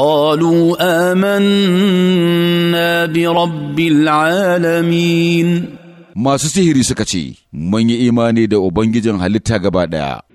قالوا آمنا برب العالمين ما سسهري سكتي من إيماني دا أبنجي جن هلتها